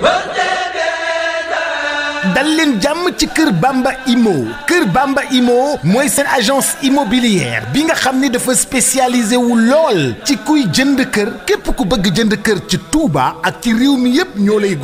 Well dal jam ci keur Bamba Imo keur Bamba Imo moy sen agence immobilière bi nga xam dafa spécialisé wu lol ci kuy jënd keur kep ku bëgg jënd keur ci Touba ak ci réew mi yépp ñolay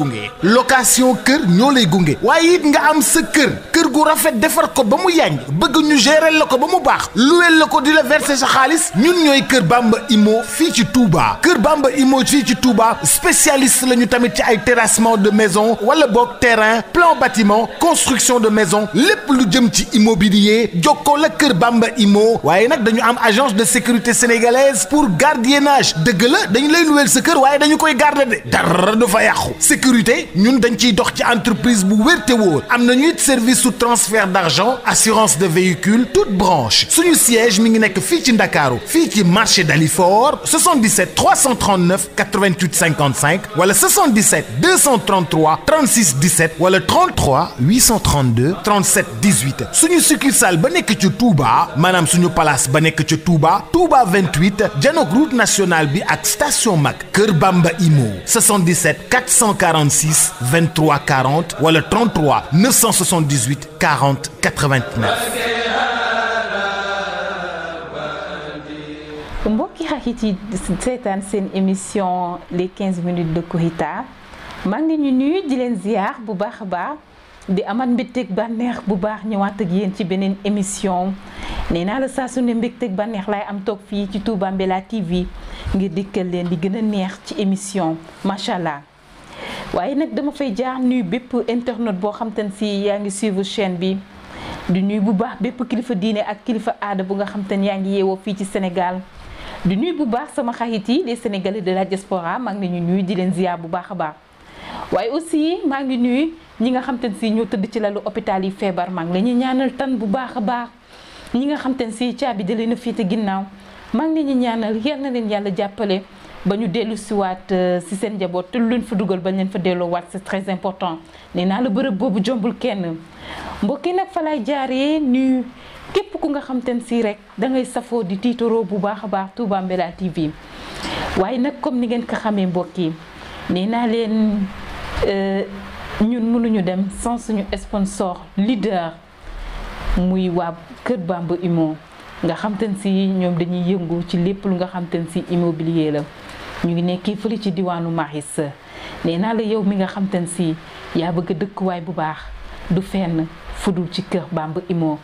location keur ñolay lay waye it nga am sa keur keur gu rafet defar ko ba mu yànj bëgg ñu gérer la ko ba mu bax la ko verser sa xaliss ñun ñoy keur Bamba Imo fi ci Touba keur Bamba Imo fi ci Touba spécialiste lañu tamit ci ay terrassement de maison wala boog terrain plan bâtiment construction de maison le plus jëm immobilier jokkoo la Bamba Immo dañu am agence de sécurité sénégalaise pour gardiennage De gueule, De lay luweel ce kër waaye dañu koy garder de dara sécurité Nous dañ une entreprise bu service sous transfert d'argent assurance de véhicules, toute branche le siège mi ngi nekk fii ci Dakaro, marché Dalifort 77 339 88 55 wala 77 233 36 17 wala 30 33 832 37 18 suñu succursale ba ci Touba place ba Touba Touba 28 Diano route nationale bi ak station Mac, Kurbamba Imo 77 446 23 40 wala 33 978 40 89. mbokki Hakiti, c'est une émission les 15 minutes de Kurita. maa ngi ñu nuyu di leen ziar bu baax a baax di amal mbégteeg bànneex bu baax ñëwaat ak yéen ci beneen émission nee naa la saa su ne mbégteeg bànneex laay am toog fii ci Touba Mbella TV ngir dikkal leen di gën a neex ci émission macha allah. waaye nag dama fay jaar nuyu bépp internet boo xam te ne si yaa ngi suivre chaîne bi di nuyu bu baax bépp kilifa diine ak kilifa aada bu nga xam te ne yaa ngi yeewoo fii ci Sénégal. di nuyu bu baax sama xarit yi les sénégalais de la diaspora maa ngi leen di nuyu di leen ziar bu baax a baax. waaye aussi maa ngi nuyu ñi nga xam te ne si ñoo tëdd ci lalu hôpital yi feebar maa ngi la ñuy ñaanal tan bu baax a baax ñi nga xam te ne si caabi da na fii te ginnaaw maa ngi la ñaanal yal na leen yàlla jàppale ba ñu dellu siwaat euh, si seen njaboot te lu leen fa dugal ba leen fa delloowaat c'est très important nee naa la bërëb boobu jombul kenn mbokk yi nag fa laay jaaree nuyu képp ku nga xam ne si rek da ngay safoo di tiitaroo bu baax a baax Touba Mbella TV waaye nag comme ni ngeen ko xamee mbokk yi naa leen. Euh, ñun mënuñu dem sans suñu sponsor leader muy waab Kër Bamba Immo nga xam te si ñoom dañuy yëngoo ci lépp lu nga xam te ne si immobilier la ñu ngi nekki fële ci diwaanu Maris nee naa la yow mi nga xam si yaa bëgg dëkkuwaay bu baax du fenn fudul ci Kër Bamba Immo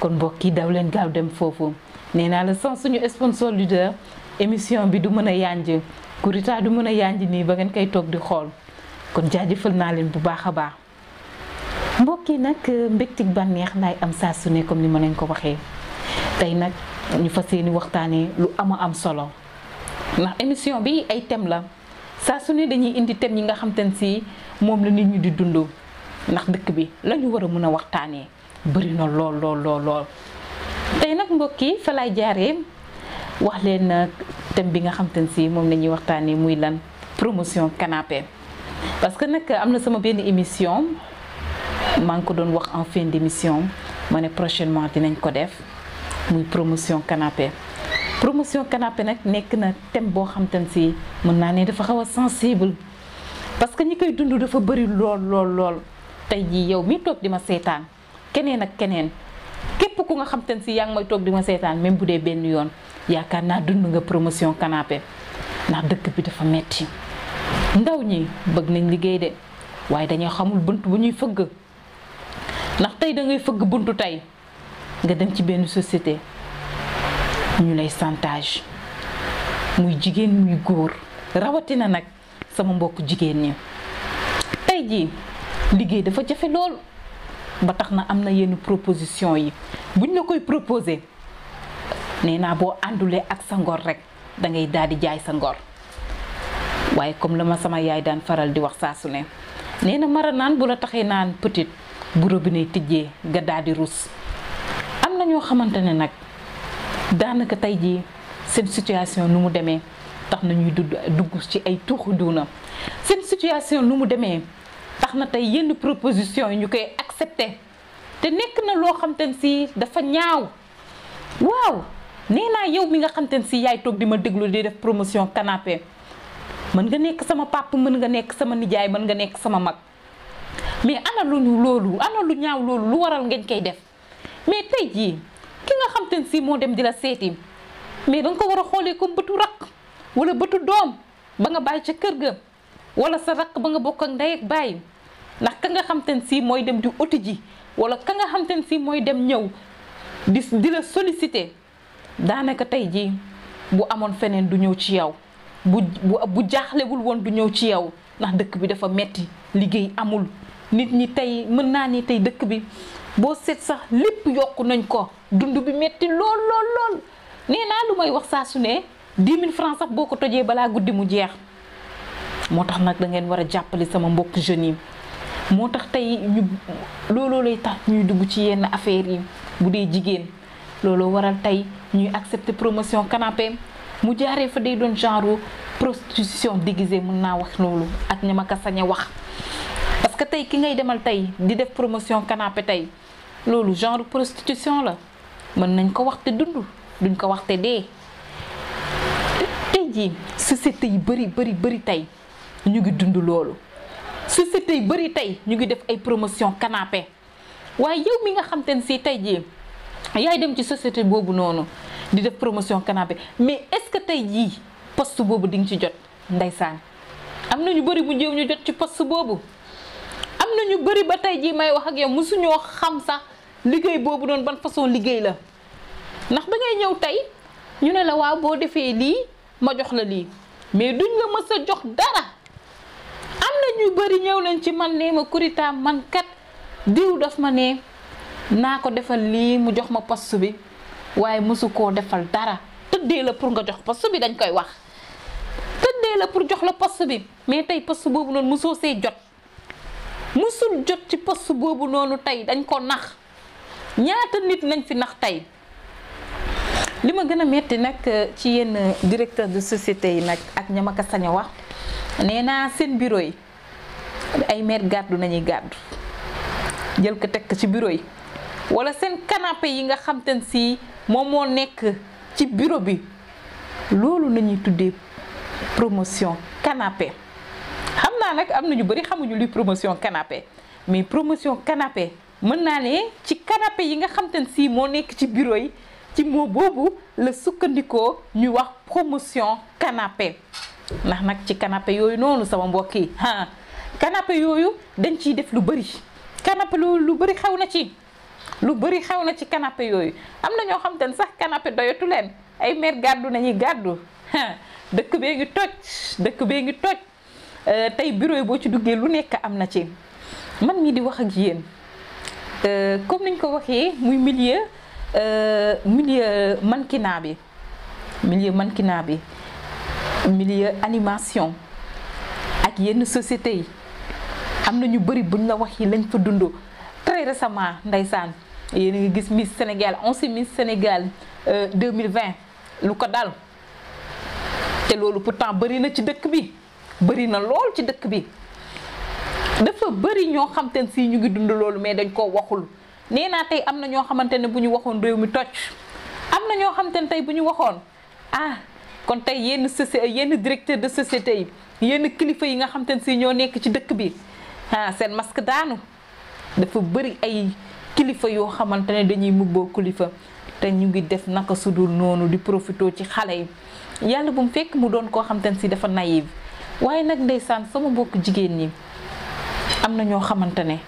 kon mbokk yi daw leen gaaw dem foofu nee naa la sans suñu sponsor leader émission bi du mën a yànj kurita du mën a yànj nii ba ngeen koy toog di xool. kon jaajëfal naa leen bu baax a baax mbokk yi nag euh, mbégtig bànneex laay am saa su ne comme ni ma leen ko waxee tey nag ñu fas yéene waxtaanee lu ama am solo ndax émission bi ay thème la saa su ne dañuy indi thème yi nga xam te ne si moom la nit ñu di dund ndax dëkk bi la war a mën a waxtaanee bëri na lool tey nag mbokk yi fa jaaree wax leen euh, thème bi nga xam ne si moom la ñuy waxtaanee muy lan promotion canapé. parce que nak amna sama ben émission man ko don wax en fin d'émission mané prochainement dinañ ko def muy promotion canapé promotion canapé nak nek na thème bo xam tan si mën na né dafa xawa sensible parce que ñi koy dund dafa bari lol lol lol tay ji yow mi tok dima sétan keneen ak keneen ku nga xam tan si yang may même boudé ben yoon nga promotion canapé na dëkk bi dafa metti ndaw ñi bëgg nañ liggéey de waaye dañoo xamul bunt bu ñuy fëgg ndax tey da ngay fëgg buntu tey nga dem ci benn société ñu lay chantage muy jigéen muy góor rawatina nag sama mbokk jigéen ñi tey jii liggéey dafa jafe lool ba tax na am na yenn proposition yi buñ la koy proposé nee naa boo àndulee ak sa ngor rek dangay ngay di jaay sa ngor waaye comme la ma sama yaay daan faral di wax saa su ne nee na mara naan bu la taxee naan petit bu robinet tijjee nga daal di ruus am na ñoo xamante ne nag daanaka tey jii seen situation lu mu demee tax na ñuy dugg dugg ci ay tuuxu duuna seen situation nu mu demee tax na tey yenn proposition yi ñu koy accepté te nekk na loo xam te ne si dafa ñaaw waaw nee naa yow mi nga xam te ne si yaay toog di ma déglu di def promotion canapé mën nga nekk sama pàpp mën nga nekk sama nijaay mën nga nekk sama mag mais ana lu ñu loolu ana lu ñaaw loolu lu waral ngeen koy def mais tey jii ki nga xam te ne si moo dem di la seeti mais da ko war a xoolee comme bëtu rakk wala bëtu doom ba nga bàyyi ca kër ga wala sa rakk ba nga bokk ak bàyyi ndax nga xam si mooy dem di uti ji wala ka nga xam te ne si mooy dem ñëw di di la solicité daanaka tey jii bu amoon feneen du ñëw ci yow. bu bu jaaxlewul woon du ñëw ci yow ndax dëkk bi dafa metti liggéey amul nit ñi tey mën naa ni tey dëkk bi boo seet sax lépp yokk nañ ko dund bi metti lool lool lool nee naa lu may wax saa su ne dix mille francs sax boo ko tojee balaa guddi mu jeex moo tax nag dangeen war a jàppale sama mbokk jeunes yi moo tax tey ñu looloo lay tax ñuy dugg ci yenn affaires yi bu dee jigéen looloo waral tey ñuy accepter promotion canapé mu jaaree fa day doon genre prostitution déguisée mën naa wax loolu ak ña ma ko sañ a wax parce que tey ki ngay demal tey di def promotion kanaape tey loolu genre prostitution la mën nañ ko wax te dund duñ ko wax te dee tey jii société yi bëri bëri bëri tey ñu ngi dund loolu société yi bëri tey ñu ngi def ay promotion kanaape waaye yow mi nga xam te ne si tey jii yaay dem ci société boobu noonu di def promotion bi mais est-ce que tey jii poste boobu di nga ci jot ndeysaan am na ñu bëri bu jéem ñu jot ci poste boobu am na ñu bëri ba tey jii may wax ak yow mosuñoo xam sax liggéey boobu doon ban façon liggéey la ndax da ngay ñëw tey ñu ne la waaw boo defee lii ma jox la lii mais duñ la mës a jox dara am na ñu bëri ñëw leen ci man ne ma Kourita man kat diw daf ma ne naa ko defal lii mu jox ma poste bi waaye mosu koo defal dara tëddee la pour nga jox poste bi dañ koy wax tëddee la pour jox la poste bi mais tey poste boobu noonu mosoo see jot mosul jot ci poste boobu noonu tey dañ koo nax ñaata nit nañ fi nax tey li ma gën a metti nag euh, ci yenn directeur de société yi nag ak ña ma ko sañ a wax nee naa seen bureau yi ay maire gàddu nañuy gàddu jël ko teg ko ci bureau yi wala seen canapé yi nga xam te si moom moo nekk ci bureau bi loolu nañuy tuddee promotion canapé xam naa nag am na ñu bëri xamuñu luy promotion canapé mais promotion canapé mën naa ne ci canapé yi nga xam ne sii moo nekk ci bureau yi ci moo boobu la sukkandikoo ñuy wax promotion canapé ndax nag ci canapé yooyu noonu sama mbokk yi ah canapé yooyu dañ ciy def lu bëri canapé lu bëri xew na ci. lu bëri xew na ci canapé yooyu am na ñoo xam te sax canapé doyatu leen ay mère gàddu nañuy gàddu dëkk bee ngi toj dëkk bee toj euh, tey bureau boo ci duggee lu nekk am na ci man mii di wax ak yéen euh, comme niñ ko waxee muy milieu euh, milieu mannequinat bi milieu mannequinat bi milieu animation ak yenn société yi am na ñu bëri buñ la wax yi lañ fa dund très récemment ndeysaan yéen a ngi gis Miss Sénégal onze Miss Sénégal 2020 euh, lu ko dal te loolu pourtant bëri na ci dëkk bi bëri na lool ci dëkk bi dafa bari ñoo xam te ne si ñu ngi dund loolu mais dañ koo waxul nee naa tey am na ñoo xamante ne bu ñu waxoon réew mi toj am na ñoo xamante ne tey bu ñu waxoon ah kon tey yenn soci yenn directeur de société yi yenn kilifa yi nga xamante ne si ñoo nekk ci dëkk bi ah seen masque daanu. dafa bari ay kilifa yo xamantene dañuy mubboo kilifa te ñu ngi def naka sudul nonu di profito ci xalé yi yàlla bu mu fekk mu doon ko xamantene si dafa naïve waye nak ndeysaan sama mbokk jigen ni amna ño xamantene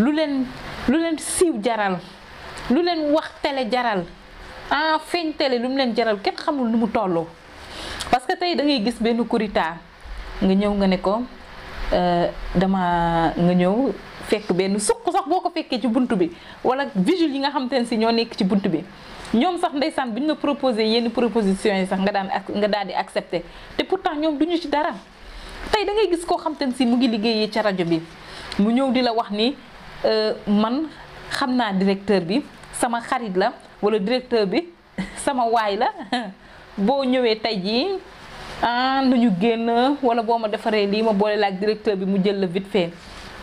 lu len lu len siw jaral lu len wax télé jaral ah feeñ télé lu len jaral kenn xamul nu mu toll parce que tay da ngay gis ben kurita nga ñew nga ne ko euh, dama nga ñew fekk benn suq sax boo ko fekkee ci bunt bi wala vigile yi nga xam te ne si ñoo nekk ci bunt bi ñoom sax ndeysaan bu ñu la proposé yenn proposition yi sax nga daan nga daal di accepté te pourtant ñoom duñu ci dara tey da ngay gis koo xam te ne si mu ngi liggéeyee ca rajo bi mu ñëw di la wax ni euh, man xam naa directeur bi sama xarit la wala directeur bi sama waay la boo ñëwee tey jii ah nañu génn wala boo ma defaree lii ma boole la ak directeur bi mu jël la vite fait.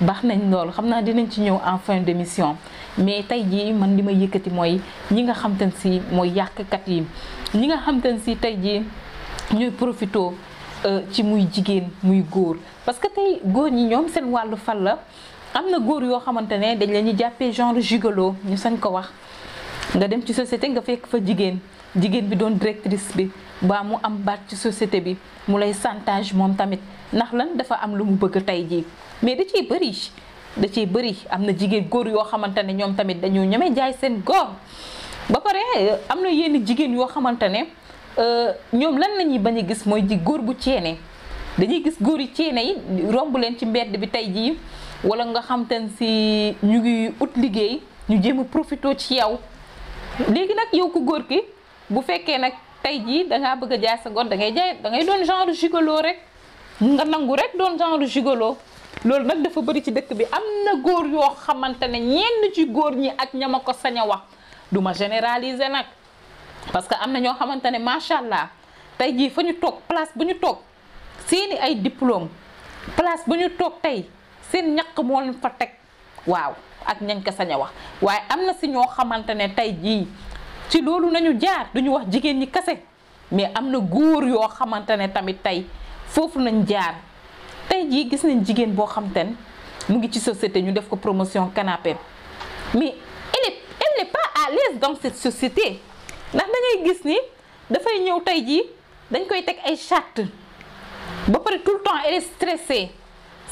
baax nañ loolu xam naa dinañ ci ñëw en fin mission mais tey jii man li ma yëkkati mooy ñi nga xam te ne si mooy yàqkat yi ñi nga xam te ne si tey jii ñooy profito euh, ci muy jigéen muy góor parce que tey góor ñi ñoom seen wàllu fan la am na góor yoo xamante ne dañ la ñuy jàppee genre gigolo ñu sañ ko wax nga dem ci société nga fekk fa jigéen jigéen bi doon directrice bi ba mu am baat ci société bi mu lay chantage moom tamit ndax lan dafa am lu mu bëgg tey jii mais da ciy bëri da ciy bëri am na jigéen góor yoo xamante ne ñoom tamit dañoo ñeme jaay seen góor ba pare am na yenn jigéen yoo xamante ne euh, ñoom lan la ñuy bañ a gis mooy ji góor bu ceene dañuy gis góor yi ceene yi romb leen ci mbedd bi tey jii wala nga xam te ne ñu ngi ut liggéey ñu jéem a profité ci yow léegi nag yow ku góor ki bu fekkee nag. tey jii da ngaa bëgg a jaay sa ngor da ngay jaay da ngay doon genre gigolo rek nga nangu rek doon genre gigolo loolu nag dafa bëri ci dëkk bi am na góor yoo xamante ne ñenn ci góor ñi ak ñama ko sañ wax duma ma généraliser nag parce que am na ñoo xamante ne macha allah tey jii fa ñu toog place bu ñu toog seeni ay diplôme place bu ñu toog tey seen ñaq moo leen fa teg waaw ak ñañ ko sañ a wax waaye am na si ñoo xamante ne tey jii ci loolu nañu jaar duñu wax jigéen ñi kase mais am na góor yoo xamante ne tamit tey foofu nañ jaar tey jii gis nañ jigéen boo xam te ne mu ngi ci société ñu def ko promotion canapé mais elle est elle pas à l'aise dans cette société ndax da ngay gis ni dafay ñëw tey jii dañ koy teg ay charte ba pare tout le temps elle est stressée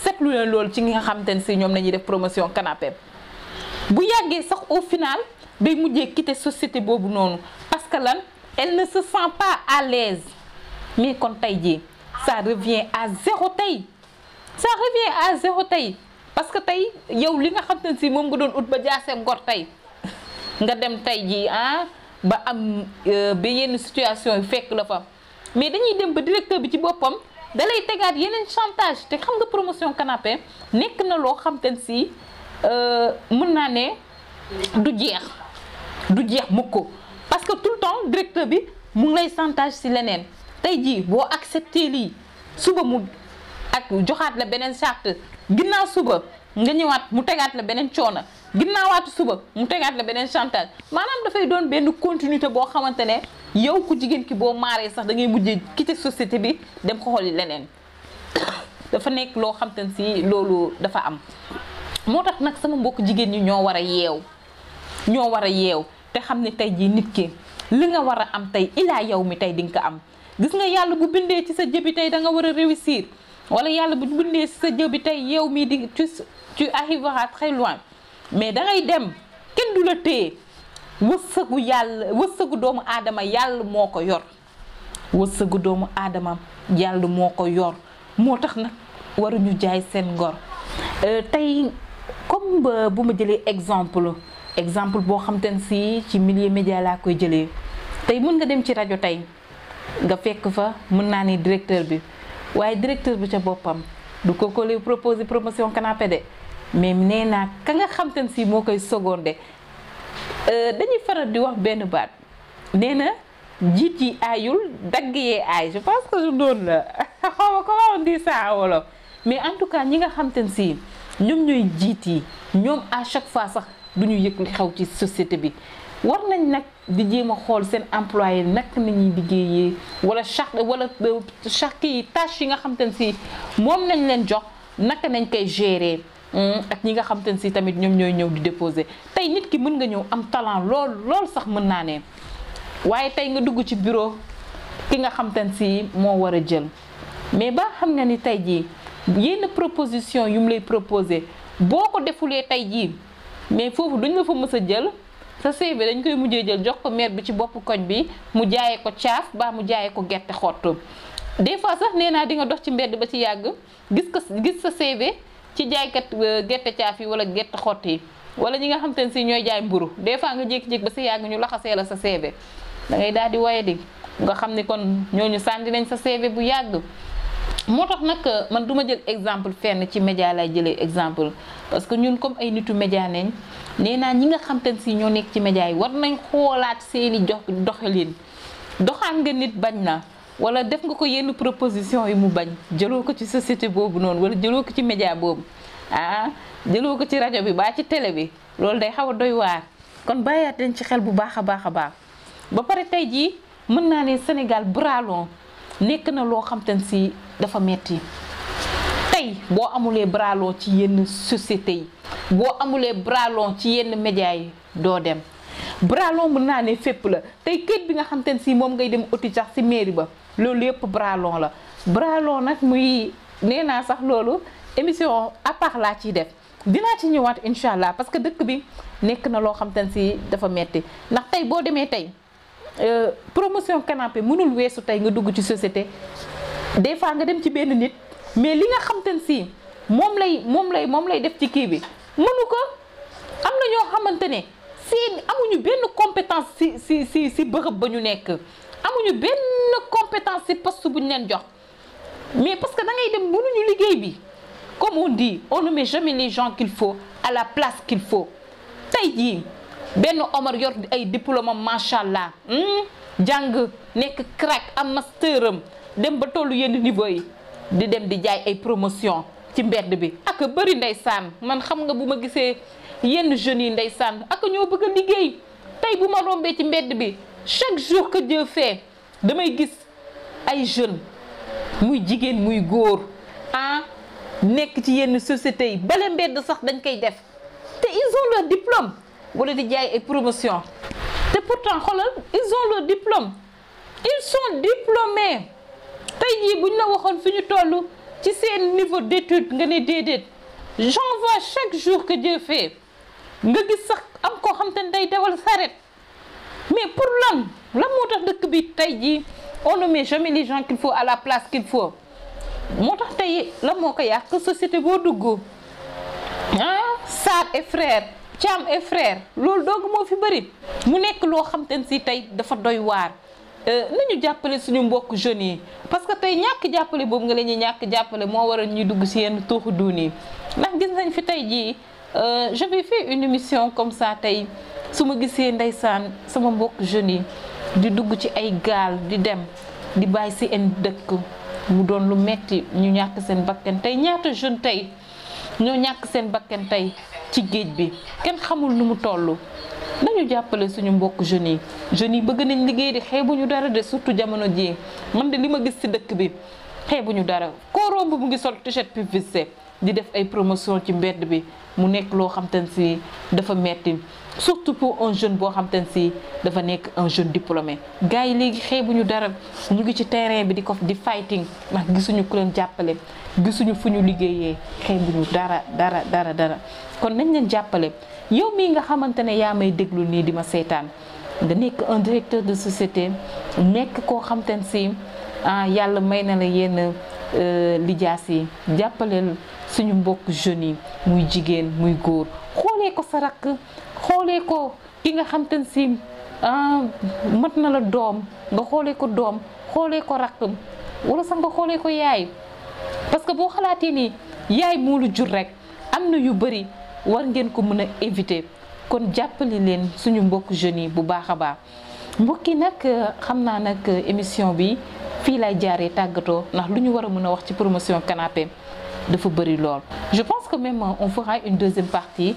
seetlu leen lool ci nga xamante ne si ñoom nañuy def promotion canapé bu yàggee sax au final. day mujjee quitter société boobu noonu parce que lan elle ne se sent pas à l'aise mais kon tey jii ça revient à zéro tey ça revient à zéro tey parce que tey yow li nga xam ne si moom nga doon ut ba jaasee ngor tey nga dem tey jii ah ba am euh, ba yenn situation yu fekk la fa mais dañuy dem ba directeur bi ci boppam da lay tegaat yeneen chantage te xam nga promotion canapé nekk na loo xam te ne si euh, mën naa ne du jeex. du jeex mukk ko parce que tout le temps directeur bi mu ngi lay chantage ci leneen tey jii boo accepté lii suba mu ak joxaat la beneen charte ginnaaw suba nga ñëwaat mu tegaat la beneen coono ginnaawaatu suba mu tegaat la beneen chantage maanaam dafay doon benn continuité boo xamante ne yow ku jigéen ki boo maaree sax da ngay mujjee quitter société bi dem xooli leneen dafa nekk loo xam te si loolu dafa am moo tax nag sama mbokk jigéen ñi ñoo war a yeew ñoo war a yeew te xam ne tey jii nit ki li nga war a am tey ilaa yow mi tey di nga ko am gis nga yàlla bu bindee ci sa jëbi tey danga war a réussir wala yàlla bu bindee ci sa bi tey yow mii di tu tu arriveras très loin mais da dem kenn du la téye wërsëgu yàlla wërsëgu doomu aadama yàlla moo ko yor wërsëgu doomu aadama yàlla moo ko yor moo tax nag waruñu jaay seen ngor euh, tey comme euh, bu ma jëlee exemple exemple bo xam te si ci milieu média la koy jëlé tay mun nga dem ci radio tay nga fekk fa mën na ni directeur bi waye directeur bi ca bopam du ko ko lay proposer promotion canapé de même néna ka nga xam te si mo koy euh dañuy faral di wax ben baat néna jitt yi ayul dagg yee ay je pense que je donne la xaw ma comment on dit ça wala mais en tout cas ñi nga xam si ñom ñoy jitt yi ñom à chaque fois sax du ñu yëg li xew ci société bi war nañ nag di jéem a xool seen employé nak nañuy liggéeyee wala chaque wala euh, chaque yi tâche yi nga xam te ne si moom nañ leen jox naka nañ koy gérer hmm, ak ñi nga xam ne si tamit ñoom ñooy ñëw di déposer tey nit ki mën nga ñëw am talent lool lool sax mën naa ne waaye tey nga dugg ci bureau ki nga xam te ne si moo war a jël mais ba xam nga ni tey jii yenn proposition yu mu lay proposé boo ko defulee tey jii. mais foofu duñ la fa mës a jël sa CV dañ koy mujjee jël jox ko maire bi ci bopp koñ bi mu jaayee ko caaf baa mu jaayee ko gerte xottu des fois sax nee naa di nga dox ci mbedd ba ci yàgg gis ko gis sa CV ci jaaykat euh, gerte caaf yi wala gerte xott yi wala ñi nga xam te ne si ñooy jaay mburu des fois nga jékki jékk ba si yàgg ñu laxasee la sa CV da ngay daal di waye di nga xam ni kon ñooñu sànni nañ sa CV bu yàgg moo tax nag euh, man duma jël exemple fenn ci média lay jëlee exemple parce que ñun comme ay nitu média nañ nee naa ñi nga xam te si ñoo nekk ci média yi war nañ xoolaat seeni jox doxalin doxaan nga nit bañ na wala def nga ko yenn proposition yi mu bañ jëloo ko ci société boobu noonu wala jëloo ko ci média boobu ah jëloo ko ci rajo bi baax ci télé bi loolu day xaw a doy waar kon bàyyaat leen ci xel bu baax a baax a baax ba pare tey jii mën naa ne Sénégal bralon nekk na loo xam te ne si dafa metti tey boo amulee bras ci yenn société yi boo amulee bras ci yenn média yi doo dem bras mun naa ne fépp la tey kayit bi nga xam te ne si moom ngay dem uti sax si mairie ba loolu yëpp bras la bras nag muy nee naa sax loolu émission à laa ciy def dinaa ci ñëwaat incha allah parce que dëkk bi nekk na loo xam te ne si dafa metti ndax tey boo demee tey Euh, promotion canapé mënul weesu tay nga dugg ci société des fois nga dem ci benn nit mais li nga xam te ne si moom lay mom lay mom lay def ci ki bi mënuko amna am na ñoo xamante ne amuñu benn compétence si si si si bërëb ba ñu nekk amuñu benn compétence si poste buñu len jox mais parce que da ngay dem mënuñu liggéey bi comme on dit on ne met jamais les gens qu'il faut à la place qu'il faut tay jii ben Omar yor ay diplôme machallah hmm jang nek crack am masterum dem ba tollu yenn niveau yi di dem di jaay ay promotion ci mbedd bi ak beuri ndaysan man xam nga buma ma gisee yenn jeunes yi ndaysan ak ñoo bëgg a liggéey tey bu ma ci mbedd bi chaque jour que Dieu fait damay gis ay jeune muy jigen muy gor ah nek ci yenn société yi balé mbedd sax dañ koy def té ils ont leur diplôme wala di jaay promotion te pourtant ils ont le diplôme ils sont diplômés tey jii bu la waxoon fi ñu ci seen niveau d'études, nga ne j'en vois chaque jour que Dieu fait nga y sax am koo xam te day saret mais pour l'homme, la montagne de dëkk bi on ne met jamais les gens qu'il faut à la place qu'il faut La montagne de lan moo société boo dugg ah hein, Sarr et frère Thiam et frère loolu dong moo fi bëri mu nekk loo xam te ne si tey dafa doy waar euh, nañu jàppale suñu mbokk jeunes yi parce que tey ñàkk jàppale boobu nga la ñuy ñàkk jàppale moo waral ñuy dugg si yenn tuuxu duun yi ndax gis nañ fi tey jii euh, j'avais fait une émission comme ça tey su ma gisee ndeysaan sama mbokk jeunes yi di dugg ci ay gaal di dem di bàyyi si seen dëkk mu doon lu metti ñu ñàkk seen bakkan tey ñaata jeune tey ñoo ñàkk seen bakken tey ci géej bi kenn xamul nu mu toll nañu jàppale suñu mbokk jeunes yi jeunes yi bëgg nañ liggéey di ñu dara de surtout jamono ji man de li ma gis ci dëkk bi ñu dara koo romb mu ngi sol t-shirt PVC di def ay promotion ci mbedd bi mu nekk loo xam te ne si dafa metti surtout pour un jeune boo xam te ne si dafa nekk un jeune diplômé gars yi léegi xeebuñu dara ñu ngi ci terrain bi di ko di fighting ndax gisuñu ku leen jàppale gisuñu fu ñu liggéeyee xeebuñu dara dara dara dara kon nañ leen jàppale yow mii nga xamante ne yaa may déglu nii di ma seetaan nga nekk un directeur de société nekk koo xam te ne si ah yàlla may na la yenn euh, lijaas yi jàppaleel suñu mbokk jeunes yi muy jigéen muy góor xoolee ko sa rakk xoolee ko ki nga xam te ne si ah, mët na la doom nga xoolee ko doom xoolee ko rakk wala sax nga xoolee ko yaay parce que boo xalaatee nii yaay moo lu jur rek am na yu bëri war ngeen ko mën a éviter kon jàppale leen suñu mbokk jeunes bu baax a baax mbokk yi nag xam naa nag émission bi fii lay jaaree tàggatoo ndax lu ñu war a mën a wax ci promotion canapé dafa bëri lool. je pense que même on fera une deuxième partie.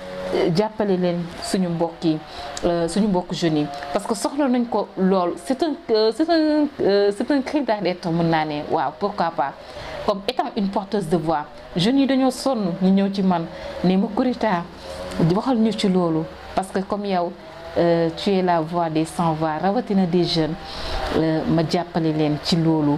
jàppale leen suñu mbokk yi euh, suñu mbokk jeunes parce que soxla nañ ko lool c'est un euh, c'est un euh, c'est un cri d'alerte mën naa waaw pourquoi pas comme étant une porteuse de voix jeunes yi dañoo sonn ñu ñëw ci man ne ma di waxal ñu ci loolu parce que comme yow tu es la voix des sans voix rawatina des jeunes ma jàppale len ci loolu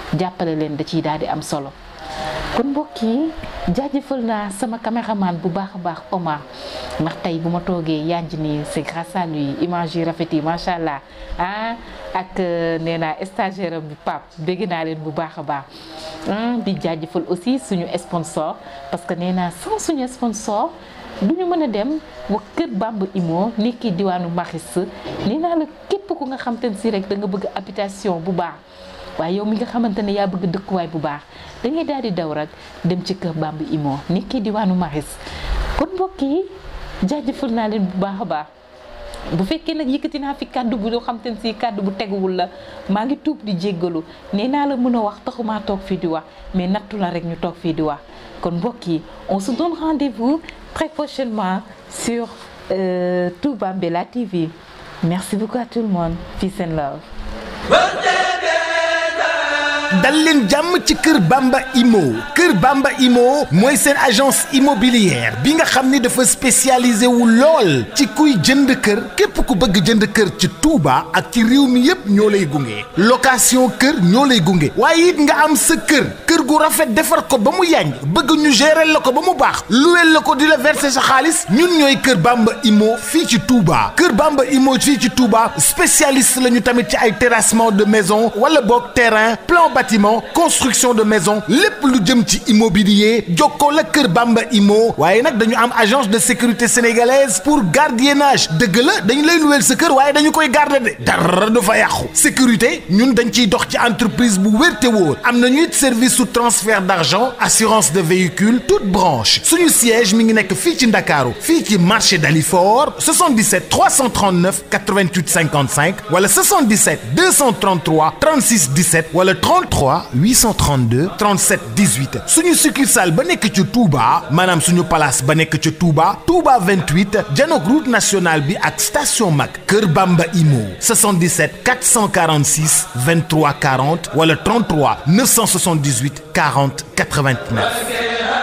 jàppale leen da ciy daal di am solo kon mbokk yi jaajëfal naa sama caméraman bu baax a baax Omar ndax tey bu ma toogee yanj ni c'est grâce à image yi rafet yi macha allah ah ak euh, nee naa stagiaire am bi Pape bégg naa leen bu baax a baax ah, di jaajëfal aussi suñu sponsor parce que nee naa sans suñu sponsor du ñu mën a dem wa kër Bamba Imo nekki diwaanu maris nee naa la képp ku nga xam te si rek da nga bëgg habitation bu baax waye yow mi nga xamantene ya bëgg dëkk way bu baax da ngay daal di daw rek dem ci kër Bamba Imo nekk diwanu Maris kon mbokk yi jaajëfal naa leen bu baax baax. bu fekke nak yëkëti na fi kaddu bu do xam ci si bu téggul la ma ngi tuup di jéggalu nee naa la mëna wax taxuma tok fi di wax mais nattu la rek ñu tok fi di wax kon mbokk on se donne rendez-vous très prochainement sur euh, Touba la TV merci beaucoup à tout le monde peace and love dal leen jàmm ci kër bàmba Imo kër bàmba Imo mooy seen agence immobilière bi nga xam ni dafa spécialisé wu lool ci kuy jënd kër képp ku bëgg jënd kër ci Touba ak ci réew mi yépp ñoo lay gunge location kër ñoo lay gunge waaye it nga am sa kër kër gu rafet defar ko ba mu yànj bëgg ñu gérer la ko ba mu baax luweel la ko di la verser sa xaalis ñun ñooy Bamba Imo fii ci Touba kër Bamba Imo fii ci Touba spécialiste lañu tamit ci ay terrassement de maison wala boog terrain plan bâtiment construction de maison lépp lu jëm ci immobilier jokkoo la kër Bamba Imo waaye nag dañu am agence de sécurité sénégalaise pour gardiennage dëgg la dañ lay luweel sa kër waaye dañu koy garder de dara du fa yàqu sécurité ñun dañ ciy dox ci entreprise bu wér te wóor am nañu it service transfert d'argent assurance de véhicules toute branche suñu siège mi ngi nekk marché d'Alifor 77 339 88 55 le 77 233 36 17 le 33 832 37 18 suñu succursale ba nekk Madame Touba Palace suñu place Touba Touba 28 Djano route nationale bi station Mac Kerbamba Imo 77 446 23 40 le 33 978 40 89.